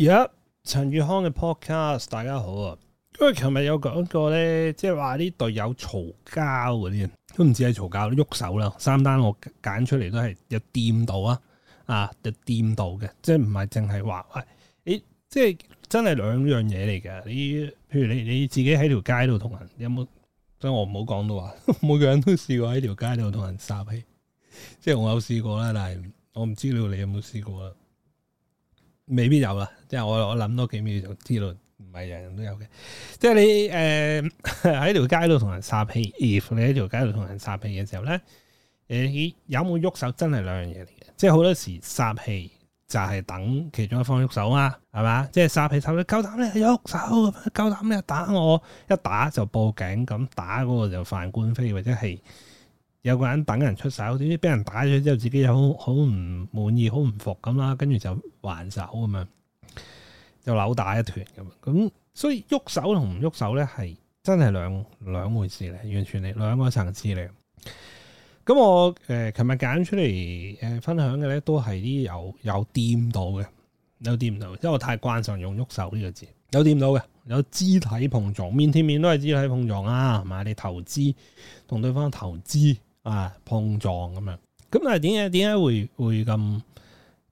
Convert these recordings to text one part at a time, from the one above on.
而家陳宇康嘅 podcast，大家好啊！因為琴日有講過咧，即係話呢隊友嘈交嗰啲人，都唔止係嘈交喐手啦。三單我揀出嚟都係有掂到啊，就是、啊有掂到嘅，即係唔係淨係話喂，誒、就是，即係真係兩樣嘢嚟嘅。你譬如你你自己喺條街度同人有冇？即係我唔好講到話，每個人都試過喺條街度同人殺氣，即、就、係、是、我有試過啦，但係我唔知道你有冇試過啦。.未必有啦，即係我我諗多幾秒就知道，唔係人人都有嘅。即係你誒喺、呃、條街度同人撒氣，if 你喺條街度同人撒氣嘅時候咧，誒、呃、有冇喐手真係兩樣嘢嚟嘅。即係好多時撒氣就係等其中一方喐手啊，係嘛？即係撒氣手，你夠膽你喐手咁？夠膽你打我？一打就報警咁，打嗰個就犯官非，或者係。有個人等人出手，點知俾人打咗之後，自己又好好唔滿意，好唔服咁啦，跟住就還手咁樣，就扭打一團咁。咁所以喐手同唔喐手咧，係真係兩兩回事咧，完全係兩個層次嚟。咁我誒，琴日揀出嚟誒分享嘅咧，都係啲有有掂到嘅，有掂到，到，因為我太慣常用喐手呢個字，有掂到嘅，有肢體碰撞，面貼面都係肢體碰撞啊，係嘛？你投資同對方投資。啊！碰撞咁樣，咁但係點解點解會會咁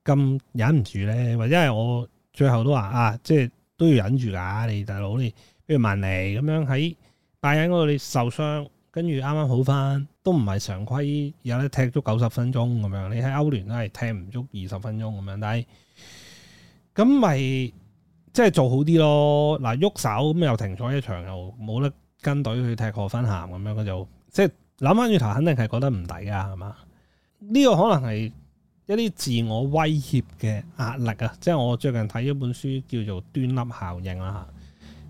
咁忍唔住咧？或者係我最後都話啊，即係都要忍住噶。你大佬你，不如慢嚟咁樣喺拜仁嗰度你受傷，跟住啱啱好翻，都唔係常規，有得踢足九十分鐘咁樣。你喺歐聯都係踢唔足二十分鐘咁樣。但係咁咪即係做好啲咯？嗱，喐手咁又停咗一場，又冇得跟隊去踢賀芬咸咁樣就，就即係。諗翻轉頭，肯定係覺得唔抵噶，係嘛？呢個可能係一啲自我威脅嘅壓力啊，即係我最近睇一本書叫做《端粒效應》啦，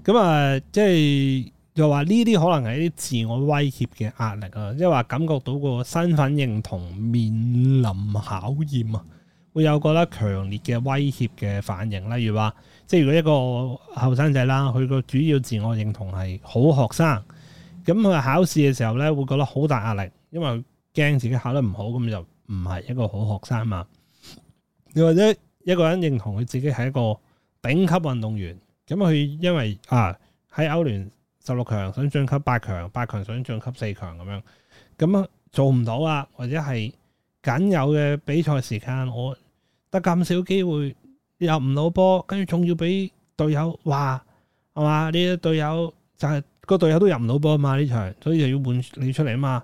咁啊，嗯、即係又話呢啲可能係一啲自我威脅嘅壓力啊，即係話感覺到個身份認同面臨考驗啊，會有覺得強烈嘅威脅嘅反應、啊、例如話，即係如果一個後生仔啦，佢個主要自我認同係好學生。咁佢考試嘅時候咧，會覺得好大壓力，因為驚自己考得唔好，咁就唔係一個好學生嘛。你或者一個人認同佢自己係一個頂級運動員，咁佢因為啊喺歐聯十六強想晉級八強，八強想晉級四強咁樣，咁啊做唔到啊，或者係僅有嘅比賽時間，我得咁少機會入唔到波，跟住仲要俾隊友話，係嘛？呢啲隊友就係、是。個隊友都入唔到波啊嘛，呢場，所以就要換你出嚟啊嘛，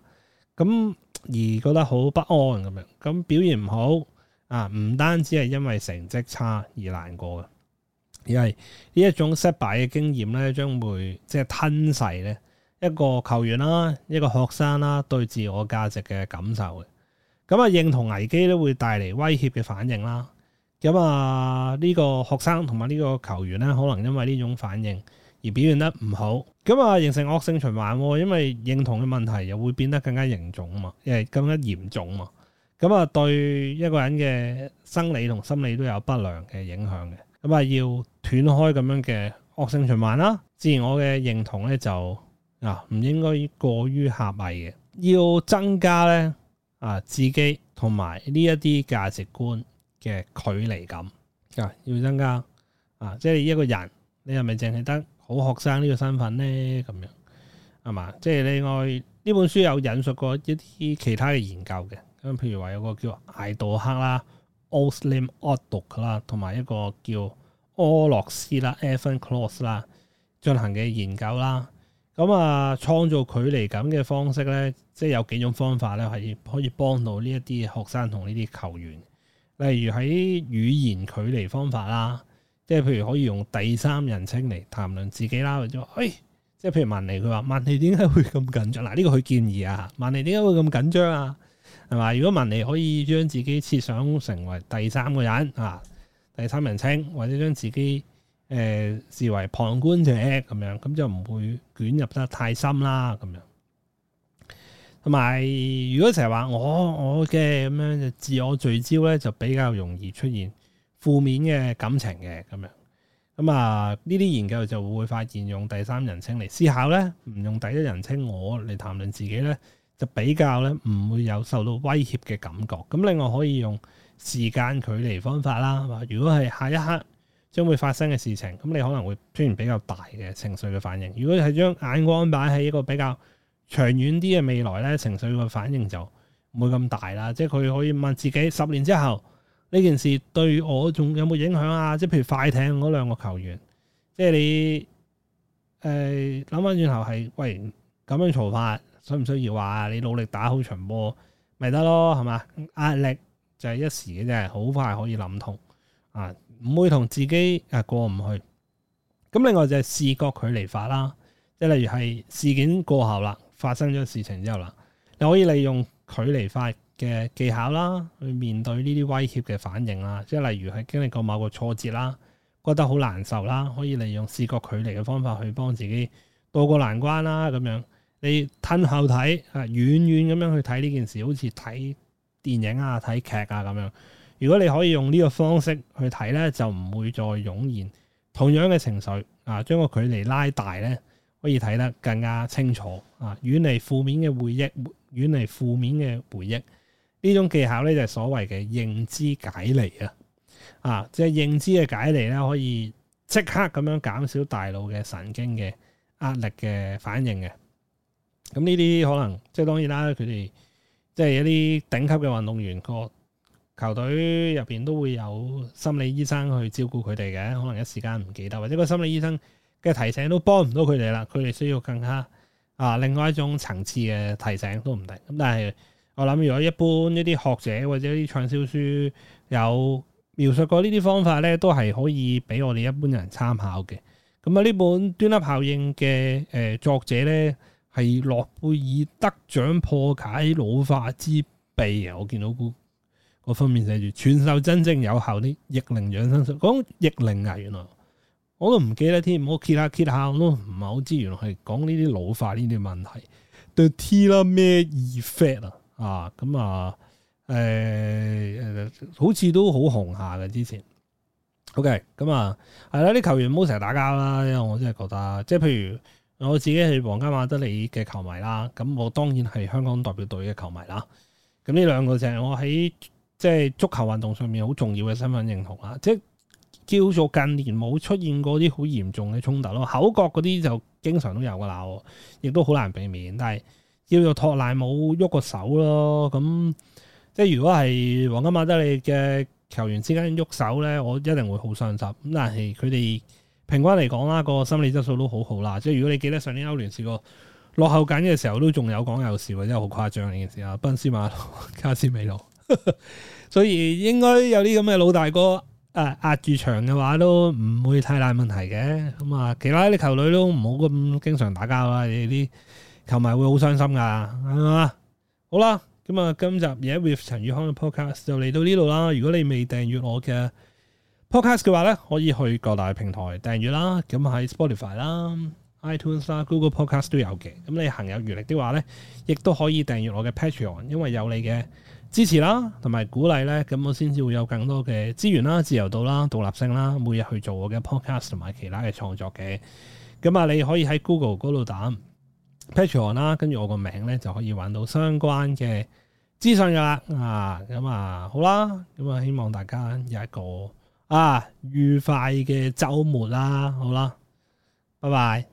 咁而覺得好不安咁樣，咁表現唔好啊，唔單止係因為成績差而難過嘅，而係呢一種失敗嘅經驗咧，將會即係吞噬咧一個球員啦，一個學生啦，對自我價值嘅感受嘅，咁啊認同危機都會帶嚟威脅嘅反應啦，咁啊呢個學生同埋呢個球員咧，可能因為呢種反應。而表現得唔好，咁啊形成惡性循環喎，因為認同嘅問題又會變得更加嚴重啊嘛，因為更加嚴重啊嘛，咁啊對一個人嘅生理同心理都有不良嘅影響嘅，咁啊要斷開咁樣嘅惡性循環啦。自然我嘅認同咧就啊唔應該過於狹隘嘅，要增加咧啊自己同埋呢一啲價值觀嘅距離感啊，要增加啊，即係一個人你係咪淨係得？好學生呢個身份咧，咁樣係嘛？即係另外呢本書有引述過一啲其他嘅研究嘅咁，譬如話有個叫艾杜克啦、奧斯利姆·阿杜噶啦，同埋一個叫柯洛斯啦、埃芬克羅斯啦進行嘅研究啦。咁、嗯、啊，創造距離感嘅方式咧，即係有幾種方法咧，係可以幫到呢一啲學生同呢啲球員，例如喺語言距離方法啦。即係譬如可以用第三人稱嚟談論自己啦，或者，哎：「誒，即係譬如文尼你，佢、啊、話，文尼點解會咁緊張？嗱，呢個佢建議啊，文尼點解會咁緊張啊？係嘛？如果文尼可以將自己設想成為第三個人啊，第三人稱，或者將自己誒、呃、視為旁觀者咁樣，咁就唔會捲入得太深啦，咁樣。同埋，如果成日話我我嘅咁樣就自我聚焦咧，就比較容易出現。負面嘅感情嘅咁樣，咁啊呢啲研究就會發現，用第三人稱嚟思考咧，唔用第一人稱我嚟談論自己咧，就比較咧唔會有受到威脅嘅感覺。咁另外可以用時間距離方法啦，如果係下一刻將會發生嘅事情，咁你可能會出現比較大嘅情緒嘅反應；如果係將眼光擺喺一個比較長遠啲嘅未來咧，情緒嘅反應就唔會咁大啦。即係佢可以問自己十年之後。呢件事對我仲有冇影響啊？即係譬如快艇嗰兩個球員，即係你誒諗翻轉頭係，喂咁樣嘈法，需唔需要話你努力打好場波，咪得咯，係嘛？壓力就係一時嘅啫，好快可以諗通啊，唔會同自己誒、啊、過唔去。咁另外就係視覺距離法啦，即係例如係事件過後啦，發生咗事情之後啦，你可以利用距離法。嘅技巧啦，去面對呢啲威脅嘅反應啦，即係例如係經歷過某個挫折啦，覺得好難受啦，可以利用視覺距離嘅方法去幫自己渡過難關啦，咁樣你退後睇啊，遠遠咁樣去睇呢件事，好似睇電影啊、睇劇啊咁樣。如果你可以用呢個方式去睇咧，就唔會再湧現同樣嘅情緒啊。將個距離拉大咧，可以睇得更加清楚啊，遠離負面嘅回憶，遠離負面嘅回憶。呢種技巧咧就係所謂嘅認知解離啊！啊，即係認知嘅解離咧，可以即刻咁樣減少大腦嘅神經嘅壓力嘅反應嘅。咁呢啲可能即係當然啦，佢哋即係一啲頂級嘅運動員個球隊入邊都會有心理醫生去照顧佢哋嘅。可能一時間唔記得，或者個心理醫生嘅提醒都幫唔到佢哋啦。佢哋需要更加啊，另外一種層次嘅提醒都唔定。咁但係。我諗如果一般一啲學者或者啲暢銷書有描述過呢啲方法咧，都係可以俾我哋一般人參考嘅。咁啊呢本端粒效應嘅誒、呃、作者咧係諾貝爾得獎破解老化之秘嘅！我見到個封面寫住傳授真正有效啲逆齡養生術，講逆齡啊！原來我都唔記得添，我揭下揭下，我都唔係好知原來係講呢啲老化呢啲問題。The telomere effect 啊！啊，咁、嗯、啊，誒、欸、誒、呃，好似都好紅下嘅之前。OK，咁、嗯、啊，係、嗯、啦，啲球員唔好成日打交啦，因為我真係覺得，即係譬如我自己係皇家馬德里嘅球迷啦，咁我當然係香港代表隊嘅球迷啦。咁呢兩個就係我喺即係足球運動上面好重要嘅身份認同啦。即係叫做近年冇出現過啲好嚴重嘅衝突咯，口角嗰啲就經常都有嘅啦，亦都好難避免，但係，叫做托賴冇喐個手咯，咁即係如果係皇家馬德里嘅球員之間喐手咧，我一定會好傷心。咁但係佢哋平均嚟講啦，個心理質素都好好啦。即係如果你記得上年歐聯試過落後緊嘅時候都仲有講有笑，真係好誇張嘅件事啊！賓斯馬路、卡斯美路，所以應該有啲咁嘅老大哥誒、呃、壓住場嘅話都唔會太大問題嘅。咁啊，其他啲球隊都唔好咁經常打交啦，你哋啲。投埋會好傷心噶，係嘛？好啦，咁啊，今集嘢 with 陳宇康嘅 podcast 就嚟到呢度啦。如果你未訂閱我嘅 podcast 嘅話咧，可以去各大平台訂閱啦。咁喺 Spotify 啦、iTunes 啦、Google Podcast 都有嘅。咁你行有餘力的話咧，亦都可以訂閱我嘅 Patreon，因為有你嘅支持啦，同埋鼓勵咧，咁我先至會有更多嘅資源啦、自由度啦、獨立性啦，每日去做我嘅 podcast 同埋其他嘅創作嘅。咁啊，你可以喺 Google 嗰度打 Patreon 啦，跟住我個名咧，就可以揾到相關嘅資訊，噶啦。啊，咁啊，好啦，咁啊希望大家有一個啊愉快嘅周末啦，啊，好啦，拜拜。